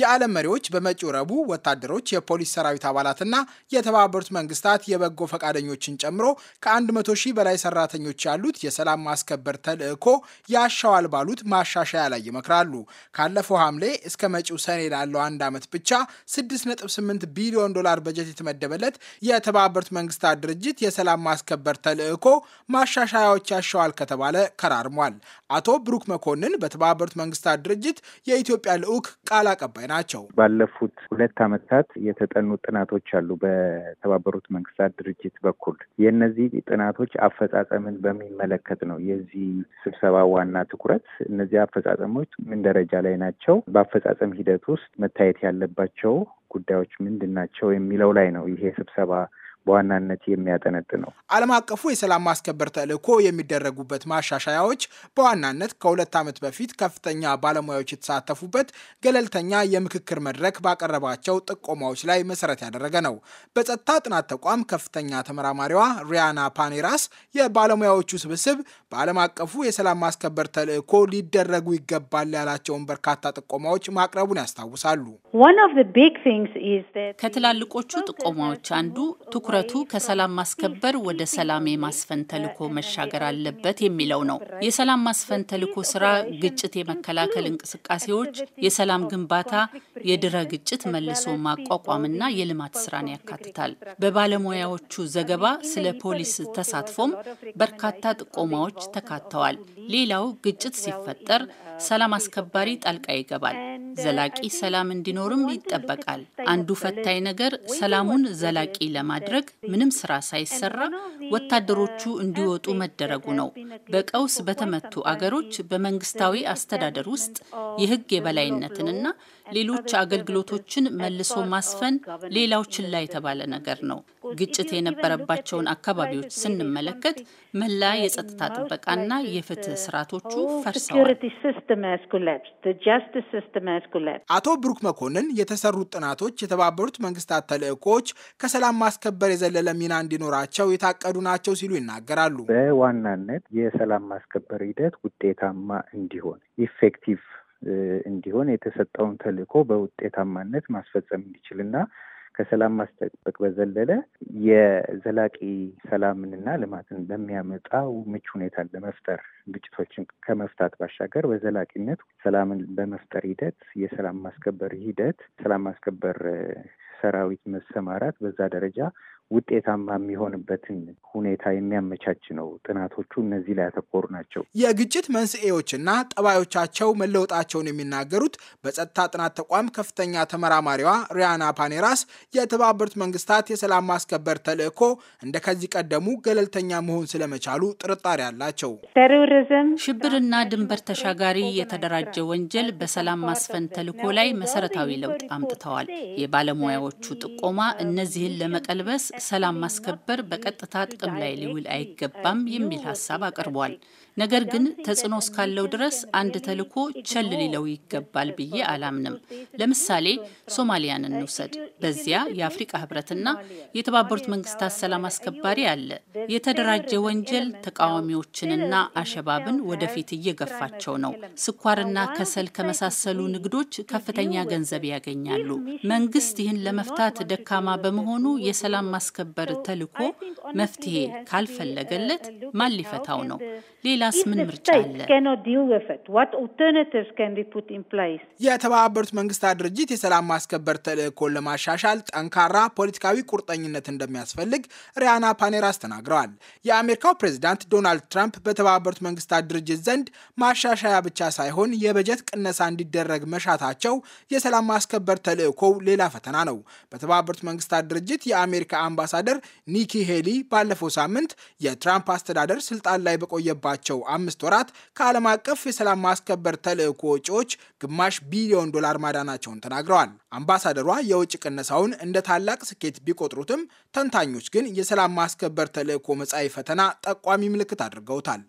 የዓለም መሪዎች በመጪው ረቡዕ ወታደሮች፣ የፖሊስ ሰራዊት አባላትና የተባበሩት መንግስታት የበጎ ፈቃደኞችን ጨምሮ ከ100 ሺህ በላይ ሰራተኞች ያሉት የሰላም ማስከበር ተልዕኮ ያሻዋል ባሉት ማሻሻያ ላይ ይመክራሉ። ካለፈው ሐምሌ እስከ መጪው ሰኔ ላለው አንድ ዓመት ብቻ 6.8 ቢሊዮን ዶላር በጀት የተመደበለት የተባበሩት መንግስታት ድርጅት የሰላም ማስከበር ተልዕኮ ማሻሻያዎች ያሻዋል ከተባለ ከራርሟል። አቶ ብሩክ መኮንን በተባበሩት መንግስታት ድርጅት የኢትዮጵያ ልዑክ ቃል አቀባይ ናቸው። ባለፉት ሁለት ዓመታት የተጠኑ ጥናቶች አሉ በተባበሩት መንግስታት ድርጅት በኩል የእነዚህ ጥናቶች አፈጻጸምን በሚመለከት ነው የዚህ ስብሰባ ዋና ትኩረት። እነዚህ አፈጻጸሞች ምን ደረጃ ላይ ናቸው፣ በአፈጻጸም ሂደት ውስጥ መታየት ያለባቸው ጉዳዮች ምንድን ናቸው የሚለው ላይ ነው ይሄ ስብሰባ በዋናነት የሚያጠነጥ ነው። ዓለም አቀፉ የሰላም ማስከበር ተልእኮ የሚደረጉበት ማሻሻያዎች በዋናነት ከሁለት ዓመት በፊት ከፍተኛ ባለሙያዎች የተሳተፉበት ገለልተኛ የምክክር መድረክ ባቀረባቸው ጥቆማዎች ላይ መሰረት ያደረገ ነው። በጸጥታ ጥናት ተቋም ከፍተኛ ተመራማሪዋ ሪያና ፓኔራስ የባለሙያዎቹ ስብስብ በዓለም አቀፉ የሰላም ማስከበር ተልዕኮ ሊደረጉ ይገባል ያላቸውን በርካታ ጥቆማዎች ማቅረቡን ያስታውሳሉ። ከትላልቆቹ ጥቆማዎች አንዱ ትኩረ ትኩረቱ ከሰላም ማስከበር ወደ ሰላም የማስፈን ተልዕኮ መሻገር አለበት የሚለው ነው። የሰላም ማስፈን ተልዕኮ ስራ ግጭት የመከላከል እንቅስቃሴዎች፣ የሰላም ግንባታ፣ የድረ ግጭት መልሶ ማቋቋምና የልማት ስራን ያካትታል። በባለሙያዎቹ ዘገባ ስለ ፖሊስ ተሳትፎም በርካታ ጥቆማዎች ተካተዋል። ሌላው ግጭት ሲፈጠር ሰላም አስከባሪ ጣልቃ ይገባል። ዘላቂ ሰላም እንዲኖርም ይጠበቃል። አንዱ ፈታኝ ነገር ሰላሙን ዘላቂ ለማድረግ ምንም ስራ ሳይሰራ ወታደሮቹ እንዲወጡ መደረጉ ነው። በቀውስ በተመቱ አገሮች በመንግስታዊ አስተዳደር ውስጥ የህግ የበላይነትንና ሌሎች አገልግሎቶችን መልሶ ማስፈን ሌላው ችላ የተባለ ነገር ነው። ግጭት የነበረባቸውን አካባቢዎች ስንመለከት መላ የጸጥታ ጥበቃና የፍትህ ስርዓቶቹ ፈርሰዋል። አቶ ብሩክ መኮንን የተሰሩት ጥናቶች የተባበሩት መንግስታት ተልዕኮዎች ከሰላም ማስከበር የዘለለ ሚና እንዲኖራቸው የታቀዱ ናቸው ሲሉ ይናገራሉ። በዋናነት የሰላም ማስከበር ሂደት ውጤታማ እንዲሆን ኢፌክቲቭ እንዲሆን የተሰጠውን ተልዕኮ በውጤታማነት ማስፈጸም እንዲችልና ከሰላም ማስጠበቅ በዘለለ የዘላቂ ሰላምንና ልማትን በሚያመጣው ምቹ ሁኔታን ለመፍጠር ግጭቶችን ከመፍታት ባሻገር በዘላቂነት ሰላምን በመፍጠር ሂደት የሰላም ማስከበር ሂደት ሰላም ማስከበር ሰራዊት መሰማራት በዛ ደረጃ ውጤታማ የሚሆንበትን ሁኔታ የሚያመቻች ነው። ጥናቶቹ እነዚህ ላይ ያተኮሩ ናቸው። የግጭት መንስኤዎችና ጠባዮቻቸው መለወጣቸውን የሚናገሩት በጸጥታ ጥናት ተቋም ከፍተኛ ተመራማሪዋ ሪያና ፓኔራስ የተባበሩት መንግስታት የሰላም ማስከበር ተልዕኮ እንደ ከዚህ ቀደሙ ገለልተኛ መሆን ስለመቻሉ ጥርጣሬ አላቸው። ሽብርና ድንበር ተሻጋሪ የተደራጀ ወንጀል በሰላም ማስፈን ተልዕኮ ላይ መሰረታዊ ለውጥ አምጥተዋል። የባለሙያዎቹ ጥቆማ እነዚህን ለመቀልበስ ሰላም ማስከበር በቀጥታ ጥቅም ላይ ሊውል አይገባም የሚል ሀሳብ አቅርቧል። ነገር ግን ተጽዕኖ እስካለው ድረስ አንድ ተልዕኮ ቸል ሊለው ይገባል ብዬ አላምንም። ለምሳሌ ሶማሊያን እንውሰድ። በዚያ የአፍሪቃ ህብረትና የተባበሩት መንግስታት ሰላም አስከባሪ አለ። የተደራጀ ወንጀል ተቃዋሚዎችንና አሸባብን ወደፊት እየገፋቸው ነው። ስኳርና ከሰል ከመሳሰሉ ንግዶች ከፍተኛ ገንዘብ ያገኛሉ። መንግስት ይህን ለመፍታት ደካማ በመሆኑ የሰላም ማስከበር ተልዕኮ መፍትሄ ካልፈለገለት ማን ሊፈታው ነው? ሌላ ሌላስ ምን ምርጫ አለ? የተባበሩት መንግስታት ድርጅት የሰላም ማስከበር ተልእኮን ለማሻሻል ጠንካራ ፖለቲካዊ ቁርጠኝነት እንደሚያስፈልግ ሪያና ፓኔራስ ተናግረዋል። የአሜሪካው ፕሬዚዳንት ዶናልድ ትራምፕ በተባበሩት መንግስታት ድርጅት ዘንድ ማሻሻያ ብቻ ሳይሆን የበጀት ቅነሳ እንዲደረግ መሻታቸው የሰላም ማስከበር ተልእኮው ሌላ ፈተና ነው። በተባበሩት መንግስታት ድርጅት የአሜሪካ አምባሳደር ኒኪ ሄሊ ባለፈው ሳምንት የትራምፕ አስተዳደር ስልጣን ላይ በቆየባቸው ባለፉት አምስት ወራት ከዓለም አቀፍ የሰላም ማስከበር ተልዕኮ ወጪዎች ግማሽ ቢሊዮን ዶላር ማዳናቸውን ተናግረዋል። አምባሳደሯ የውጭ ቅነሳውን እንደ ታላቅ ስኬት ቢቆጥሩትም ተንታኞች ግን የሰላም ማስከበር ተልዕኮ መጻኢ ፈተና ጠቋሚ ምልክት አድርገውታል።